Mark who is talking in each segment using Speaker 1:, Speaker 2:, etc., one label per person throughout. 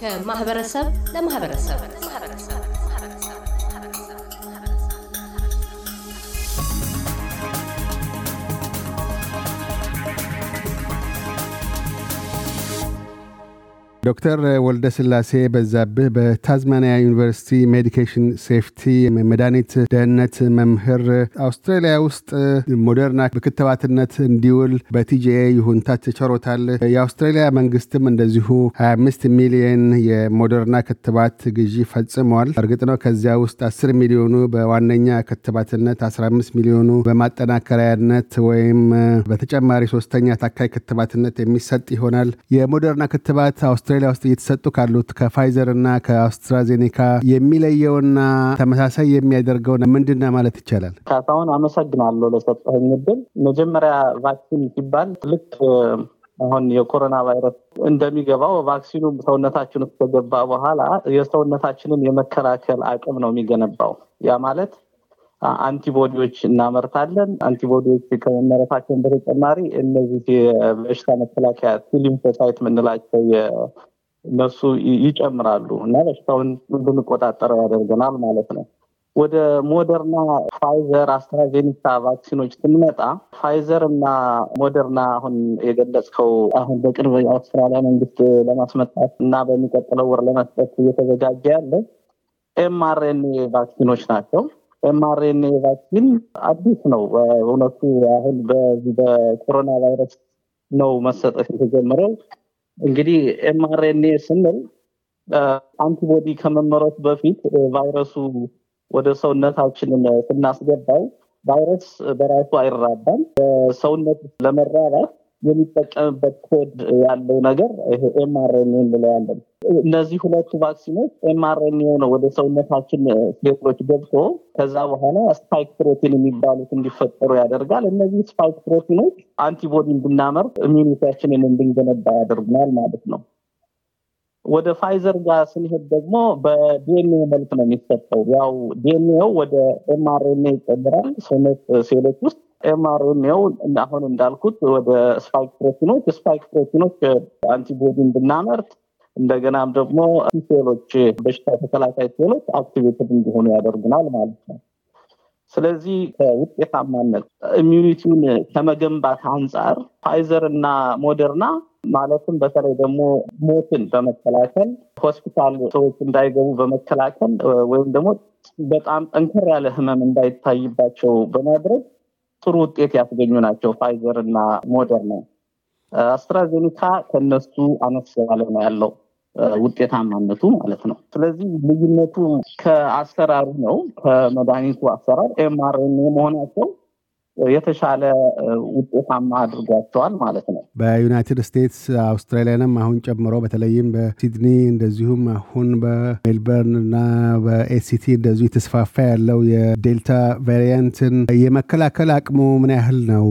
Speaker 1: ከማህበረሰብ ለማህበረሰብ ዶክተር ወልደ ስላሴ በዛብህ በታዝማኒያ ዩኒቨርሲቲ ሜዲኬሽን ሴፍቲ መድኃኒት ደህንነት መምህር፣ አውስትራሊያ ውስጥ ሞደርና በክትባትነት እንዲውል በቲጂኤ ይሁንታ ተቸሮታል። የአውስትራሊያ መንግስትም እንደዚሁ 25 ሚሊዮን የሞደርና ክትባት ግዢ ፈጽሟል። እርግጥ ነው ከዚያ ውስጥ 10 ሚሊዮኑ በዋነኛ ክትባትነት፣ 15 ሚሊዮኑ በማጠናከሪያነት ወይም በተጨማሪ ሶስተኛ ታካይ ክትባትነት የሚሰጥ ይሆናል። የሞደርና ክትባት አውስትራሊያ ውስጥ እየተሰጡ ካሉት ከፋይዘር እና ከአስትራዜኔካ የሚለየውና ተመሳሳይ የሚያደርገው ምንድና ማለት ይቻላል?
Speaker 2: ካሳሁን አመሰግናለሁ ለሰጠኝ እድል። መጀመሪያ ቫክሲን ሲባል ልክ አሁን የኮሮና ቫይረስ እንደሚገባው ቫክሲኑ ሰውነታችን ውስጥ ከገባ በኋላ የሰውነታችንን የመከላከል አቅም ነው የሚገነባው። ያ ማለት አንቲቦዲዎች እናመርታለን። አንቲቦዲዎች ከመመረታቸውን በተጨማሪ እነዚህ የበሽታ መከላከያ ቲሊምፎሳይት የምንላቸው እነሱ ይጨምራሉ እና በሽታውን እንድንቆጣጠረው ያደርገናል ማለት ነው። ወደ ሞደርና፣ ፋይዘር፣ አስትራዜኒካ ቫክሲኖች ስንመጣ ፋይዘር እና ሞደርና አሁን የገለጽከው አሁን በቅርብ የአውስትራሊያ መንግስት ለማስመጣት እና በሚቀጥለው ወር ለመስጠት እየተዘጋጀ ያለ ኤምአርኤንኤ ቫክሲኖች ናቸው። ኤምአርኤንኤ ቫክሲን አዲስ ነው እውነቱ። አሁን በዚህ በኮሮና ቫይረስ ነው መሰጠት የተጀመረው። እንግዲህ ኤምአርኤንኤ ስንል አንቲቦዲ ከመመረት በፊት ቫይረሱ ወደ ሰውነታችንን ስናስገባው ቫይረስ በራሱ አይራባም። ሰውነት ለመራባት የሚጠቀምበት ኮድ ያለው ነገር ኤምአርኤን ያለ እነዚህ ሁለቱ ቫክሲኖች ኤምአርኤን የሆነ ወደ ሰውነታችን ሴሎች ገብቶ ከዛ በኋላ ስፓይክ ፕሮቲን የሚባሉት እንዲፈጠሩ ያደርጋል። እነዚህ ስፓይክ ፕሮቲኖች አንቲቦዲ እንድናመርት ኢሚኒቲያችንን እንድንገነባ ያደርጉናል ማለት ነው። ወደ ፋይዘር ጋር ስንሄድ ደግሞ በዲኤንኤ መልክ ነው የሚሰጠው። ያው ዲኤንኤው ወደ ኤምአርኤን ይጨምራል ሰውነት ሴሎች ውስጥ ኤምአርኤንኤው አሁን እንዳልኩት ወደ ስፓይክ ፕሮቲኖች ስፓይክ ፕሮቲኖች አንቲቦዲን ብናመርት እንደገናም ደግሞ ሴሎች በሽታ ተከላካይ ሴሎች አክቲቬትድ እንዲሆኑ ያደርጉናል ማለት ነው ስለዚህ ከውጤታማነት ኢሚዩኒቲውን ከመገንባት አንጻር ፋይዘር እና ሞደርና ማለትም በተለይ ደግሞ ሞትን በመከላከል ሆስፒታል ሰዎች እንዳይገቡ በመከላከል ወይም ደግሞ በጣም ጠንከር ያለ ህመም እንዳይታይባቸው በማድረግ ጥሩ ውጤት ያስገኙ ናቸው ፋይዘር እና ነው አስትራዜኒካ ከነሱ አነስ ያለ ነው ያለው ውጤታማነቱ ማለት ነው። ስለዚህ ልዩነቱ ከአሰራሩ ነው። ከመድኃኒቱ አሰራር ኤምአርኤንኤ መሆናቸው የተሻለ ውጤታማ አድርጓቸዋል ማለት ነው።
Speaker 1: በዩናይትድ ስቴትስ አውስትራሊያንም አሁን ጨምሮ በተለይም በሲድኒ እንደዚሁም አሁን በሜልበርን እና በኤሲቲ እንደዚሁ የተስፋፋ ያለው የዴልታ ቫሪያንትን የመከላከል አቅሙ ምን ያህል ነው?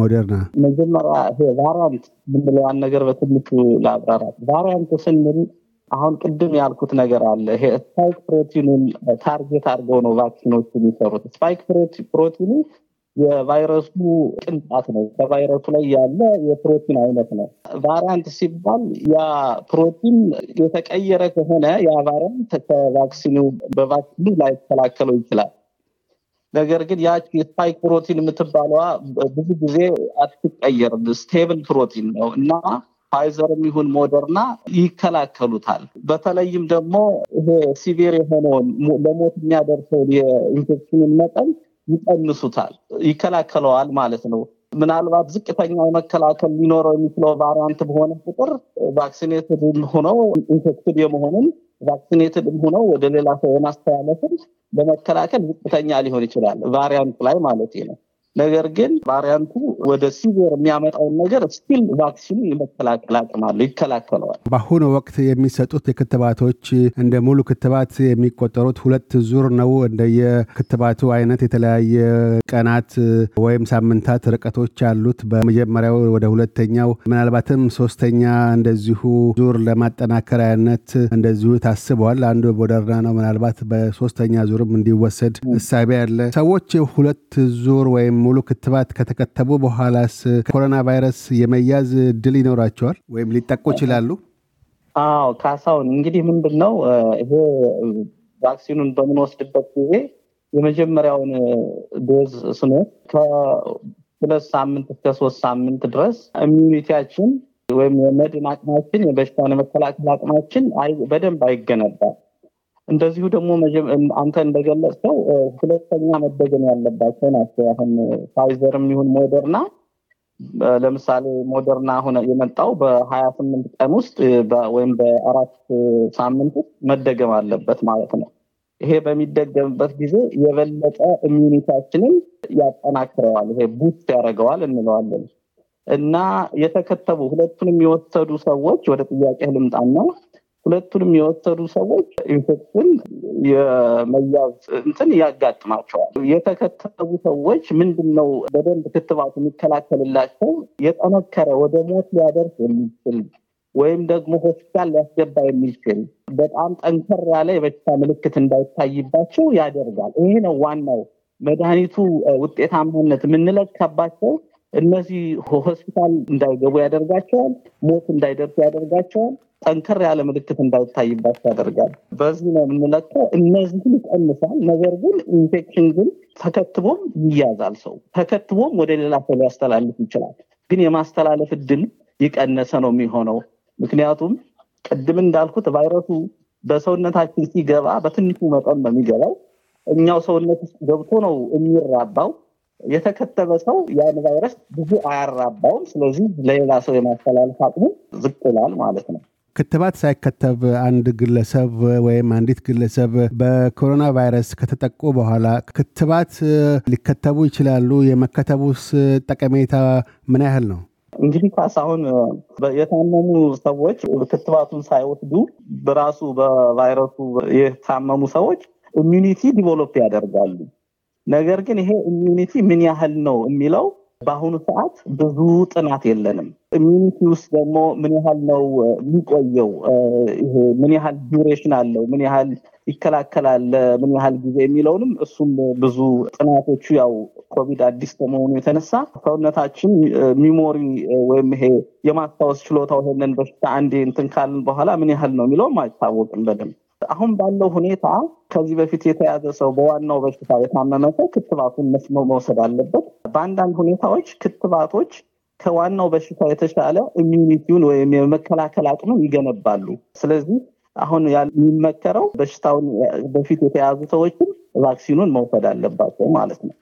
Speaker 1: ሞደርና
Speaker 2: መጀመሪያ ይሄ ቫሪያንት ምንለዋን ነገር በትንሹ ለአብራራት ቫሪያንት ስንል አሁን ቅድም ያልኩት ነገር አለ። ይሄ ስፓይክ ፕሮቲኑን ታርጌት አድርገው ነው ቫክሲኖች የሚሰሩት። ስፓይክ ፕሮቲኑ የቫይረሱ ቅንጣት ነው። ከቫይረሱ ላይ ያለ የፕሮቲን አይነት ነው። ቫሪያንት ሲባል ያ ፕሮቲን የተቀየረ ከሆነ ያ ቫሪያንት ከቫክሲኑ በቫክሲኑ ላይ ተከላከለው ይችላል። ነገር ግን ያ ስፓይክ ፕሮቲን የምትባለዋ ብዙ ጊዜ አትቀየርም። ስቴብል ፕሮቲን ነው እና ፋይዘርም ይሁን ሞደርና ይከላከሉታል። በተለይም ደግሞ ይሄ ሲቪር የሆነውን ለሞት የሚያደርሰውን የኢንፌክሽንን መጠን ይቀንሱታል፣ ይከላከለዋል ማለት ነው። ምናልባት ዝቅተኛ መከላከል ሊኖረው የሚችለው ቫሪያንት በሆነ ቁጥር ቫክሲኔትድ ሆነው ኢንፌክትድ የመሆንን ቫክሲኔትድ ሆነው ወደ ሌላ ሰው የማስተላለፍን ለመከላከል ዝቅተኛ ሊሆን ይችላል፣ ቫሪያንት ላይ ማለት ነው። ነገር ግን ቫሪያንቱ ወደ ሲቪር የሚያመጣውን ነገር ስቲል ቫክሲኑ የመከላከል አቅም አለው፣ ይከላከለዋል።
Speaker 1: በአሁኑ ወቅት የሚሰጡት የክትባቶች እንደ ሙሉ ክትባት የሚቆጠሩት ሁለት ዙር ነው። እንደየክትባቱ አይነት የተለያየ ቀናት ወይም ሳምንታት ርቀቶች አሉት። በመጀመሪያው ወደ ሁለተኛው ምናልባትም ሶስተኛ እንደዚሁ ዙር ለማጠናከሪያነት እንደዚሁ ታስቧል። አንዱ ሞደርና ነው። ምናልባት በሶስተኛ ዙርም እንዲወሰድ እሳቤ አለ። ሰዎች ሁለት ዙር ወይም ሙሉ ክትባት ከተከተቡ በኋላስ ኮሮና ቫይረስ የመያዝ እድል ይኖራቸዋል ወይም ሊጠቁ ይችላሉ?
Speaker 2: አዎ ካሳውን እንግዲህ ምንድን ነው ይሄ ቫክሲኑን በምንወስድበት ጊዜ የመጀመሪያውን ዶዝ ስኖ ከሁለት ሳምንት እስከ ሶስት ሳምንት ድረስ ኢሚዩኒቲያችን ወይም የመድን አቅማችን የበሽታን የመከላከል አቅማችን በደንብ አይገነባል። እንደዚሁ ደግሞ አንተ እንደገለጽከው ሁለተኛ መደገም ያለባቸው ናቸው። አሁን ፋይዘርም ይሁን ሞደርና ለምሳሌ ሞደርና ሆነ የመጣው በሀያ ስምንት ቀን ውስጥ ወይም በአራት ሳምንት ውስጥ መደገም አለበት ማለት ነው። ይሄ በሚደገምበት ጊዜ የበለጠ ኢሚኒቲያችንን ያጠናክረዋል። ይሄ ቡስት ያደርገዋል እንለዋለን እና የተከተቡ ሁለቱንም የወሰዱ ሰዎች ወደ ጥያቄ ልምጣና ሁለቱንም የወሰዱ ሰዎች ኢንፌክሽን የመያዝ እንትን ያጋጥማቸዋል። የተከተቡ ሰዎች ምንድን ነው በደንብ ክትባት የሚከላከልላቸው የጠነከረ ወደ ሞት ሊያደርስ የሚችል ወይም ደግሞ ሆስፒታል ሊያስገባ የሚችል በጣም ጠንከር ያለ የበሽታ ምልክት እንዳይታይባቸው ያደርጋል። ይሄ ነው ዋናው መድኃኒቱ ውጤታማነት የምንለካባቸው እነዚህ ሆስፒታል እንዳይገቡ ያደርጋቸዋል። ሞት እንዳይደርሱ ያደርጋቸዋል። ጠንከር ያለ ምልክት እንዳይታይባቸው ያደርጋል። በዚህ ነው የምንለካው። እነዚህን ይቀንሳል። ነገር ግን ኢንፌክሽን ግን ተከትቦም ይያዛል። ሰው ተከትቦም ወደ ሌላ ሰው ሊያስተላልፍ ይችላል። ግን የማስተላለፍ እድል የቀነሰ ነው የሚሆነው። ምክንያቱም ቅድም እንዳልኩት ቫይረሱ በሰውነታችን ሲገባ በትንሹ መጠን ነው የሚገባው። እኛው ሰውነት ውስጥ ገብቶ ነው የሚራባው። የተከተበ ሰው ያን ቫይረስ ብዙ አያራባውም። ስለዚህ ለሌላ ሰው የማስተላለፍ አቅሙ ዝቅ ይላል ማለት ነው።
Speaker 1: ክትባት ሳይከተብ አንድ ግለሰብ ወይም አንዲት ግለሰብ በኮሮና ቫይረስ ከተጠቁ በኋላ ክትባት ሊከተቡ ይችላሉ። የመከተቡስ ጠቀሜታ ምን ያህል ነው?
Speaker 2: እንግዲህ ካሳሁን የታመሙ ሰዎች ክትባቱን ሳይወስዱ በራሱ በቫይረሱ የታመሙ ሰዎች ኢሚኒቲ ዲቨሎፕ ያደርጋሉ ነገር ግን ይሄ ኢሚኒቲ ምን ያህል ነው የሚለው በአሁኑ ሰዓት ብዙ ጥናት የለንም። ኢሚኒቲ ውስጥ ደግሞ ምን ያህል ነው የሚቆየው፣ ምን ያህል ዱሬሽን አለው፣ ምን ያህል ይከላከላል፣ ምን ያህል ጊዜ የሚለውንም እሱም ብዙ ጥናቶቹ ያው ኮቪድ አዲስ ከመሆኑ የተነሳ ሰውነታችን ሚሞሪ ወይም ይሄ የማስታወስ ችሎታው ይሄንን በሽታ አንዴ እንትን ካልን በኋላ ምን ያህል ነው የሚለውም አይታወቅም በደንብ አሁን ባለው ሁኔታ ከዚህ በፊት የተያዘ ሰው በዋናው በሽታ የታመመ ሰው ክትባቱን መስመው መውሰድ አለበት። በአንዳንድ ሁኔታዎች ክትባቶች ከዋናው በሽታ የተሻለ ኢሚዩኒቲውን ወይም የመከላከል አቅምን ይገነባሉ። ስለዚህ አሁን የሚመከረው በሽታውን በፊት የተያዙ ሰዎችም ቫክሲኑን መውሰድ አለባቸው ማለት ነው።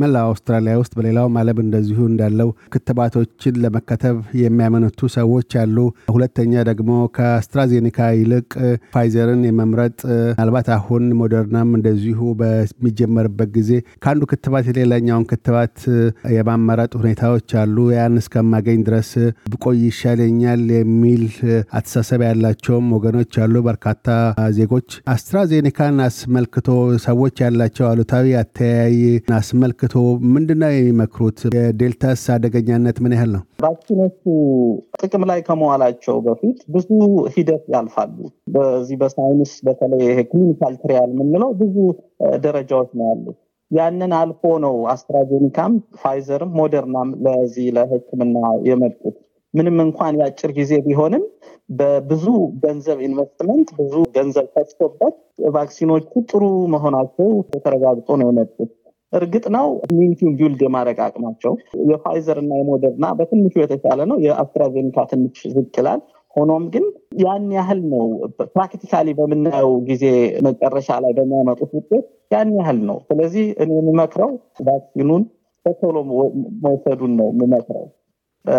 Speaker 1: መላ አውስትራሊያ ውስጥ በሌላውም ዓለም እንደዚሁ እንዳለው ክትባቶችን ለመከተብ የሚያመነቱ ሰዎች አሉ። ሁለተኛ ደግሞ ከአስትራዜኒካ ይልቅ ፋይዘርን የመምረጥ ምናልባት አሁን ሞደርናም እንደዚሁ በሚጀመርበት ጊዜ ከአንዱ ክትባት የሌላኛውን ክትባት የማመረጥ ሁኔታዎች አሉ። ያን እስከማገኝ ድረስ ብቆይ ይሻለኛል የሚል አተሳሰብ ያላቸውም ወገኖች አሉ። በርካታ ዜጎች አስትራዜኒካን አስመልክቶ ሰዎች ያላቸው አሉታዊ አተያይ አስመልክ አስመልክቶ ነው የሚመክሩት? የዴልታስ አደገኛነት ምን ያህል ነው?
Speaker 2: ቫክሲኖቹ ጥቅም ላይ ከመዋላቸው በፊት ብዙ ሂደት ያልፋሉ። በዚህ በሳይንስ በተለይ ይሄ ክሊኒካል ትሪያል የምንለው ብዙ ደረጃዎች ነው ያሉት። ያንን አልፎ ነው አስትራዜኒካም ፋይዘርም ሞደርናም ለዚህ ለሕክምና የመጡት። ምንም እንኳን የአጭር ጊዜ ቢሆንም በብዙ ገንዘብ ኢንቨስትመንት ብዙ ገንዘብ ፈስቶበት ቫክሲኖቹ ጥሩ መሆናቸው ተረጋግጦ ነው የመጡት። እርግጥ ነው ኢሚኒቲውን ቢውልድ የማድረግ አቅማቸው የፋይዘር እና የሞደርና በትንሹ የተሻለ ነው። የአስትራዜኒካ ትንሽ ዝቅ ሆኖም ግን ያን ያህል ነው። ፕራክቲካሊ በምናየው ጊዜ መጨረሻ ላይ በሚያመጡት ውጤት ያን ያህል ነው። ስለዚህ እኔ የምመክረው ቫክሲኑን በቶሎ መውሰዱን ነው የምመክረው።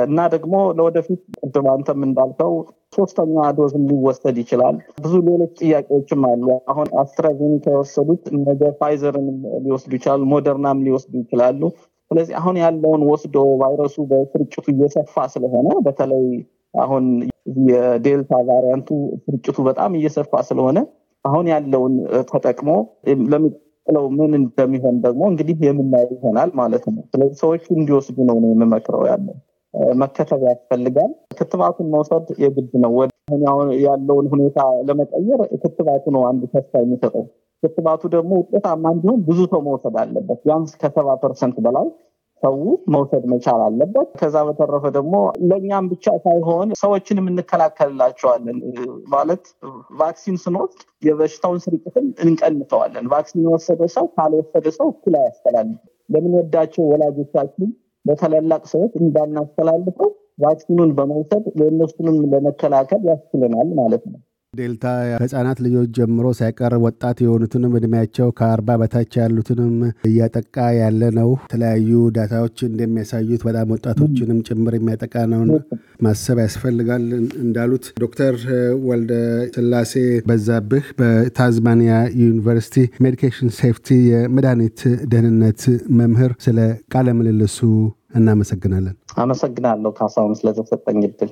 Speaker 2: እና ደግሞ ለወደፊት ቅድም አንተም እንዳልከው ሶስተኛ ዶዝ ሊወሰድ ይችላል። ብዙ ሌሎች ጥያቄዎችም አሉ። አሁን አስትራዜኒካ የወሰዱት ነገ ፋይዘርን ሊወስዱ ይችላሉ፣ ሞደርናም ሊወስዱ ይችላሉ። ስለዚህ አሁን ያለውን ወስዶ ቫይረሱ በስርጭቱ እየሰፋ ስለሆነ በተለይ አሁን የዴልታ ቫሪያንቱ ስርጭቱ በጣም እየሰፋ ስለሆነ አሁን ያለውን ተጠቅሞ ለሚቀጥለው ምን እንደሚሆን ደግሞ እንግዲህ የምናየው ይሆናል ማለት ነው። ስለዚህ ሰዎቹ እንዲወስዱ ነው ነው የምመክረው ያለው። መከተብ ያስፈልጋል። ክትባቱን መውሰድ የግድ ነው። ወደሁን ያለውን ሁኔታ ለመቀየር ክትባቱ ነው አንድ ተስፋ የሚሰጠው። ክትባቱ ደግሞ ውጤታማ እንዲሆን ብዙ ሰው መውሰድ አለበት። ቢያንስ ከሰባ ፐርሰንት በላይ ሰው መውሰድ መቻል አለበት። ከዛ በተረፈ ደግሞ ለእኛም ብቻ ሳይሆን ሰዎችንም እንከላከልላቸዋለን። ማለት ቫክሲን ስንወስድ የበሽታውን ስርጭትን እንቀንሰዋለን። ቫክሲን የወሰደ ሰው ካልወሰደ ሰው እኩል አያስተላልፍም። ለምንወዳቸው ወላጆቻችን ለታላላቅ ሰዎች እንዳናስተላልፈው ቫክሲኑን በመውሰድ የእነሱንም ለመከላከል ያስችለናል ማለት ነው። ዴልታ
Speaker 1: ከህጻናት ልጆች ጀምሮ ሳይቀር ወጣት የሆኑትንም እድሜያቸው ከአርባ በታች ያሉትንም እያጠቃ ያለ ነው። የተለያዩ ዳታዎች እንደሚያሳዩት በጣም ወጣቶችንም ጭምር የሚያጠቃ ነውን ማሰብ ያስፈልጋል። እንዳሉት ዶክተር ወልደ ስላሴ በዛብህ በታዝማኒያ ዩኒቨርሲቲ ሜዲኬሽን ሴፍቲ የመድኃኒት ደህንነት መምህር፣ ስለ ቃለ ምልልሱ እናመሰግናለን።
Speaker 2: አመሰግናለሁ ካሳሁን ስለተሰጠኝ እድል።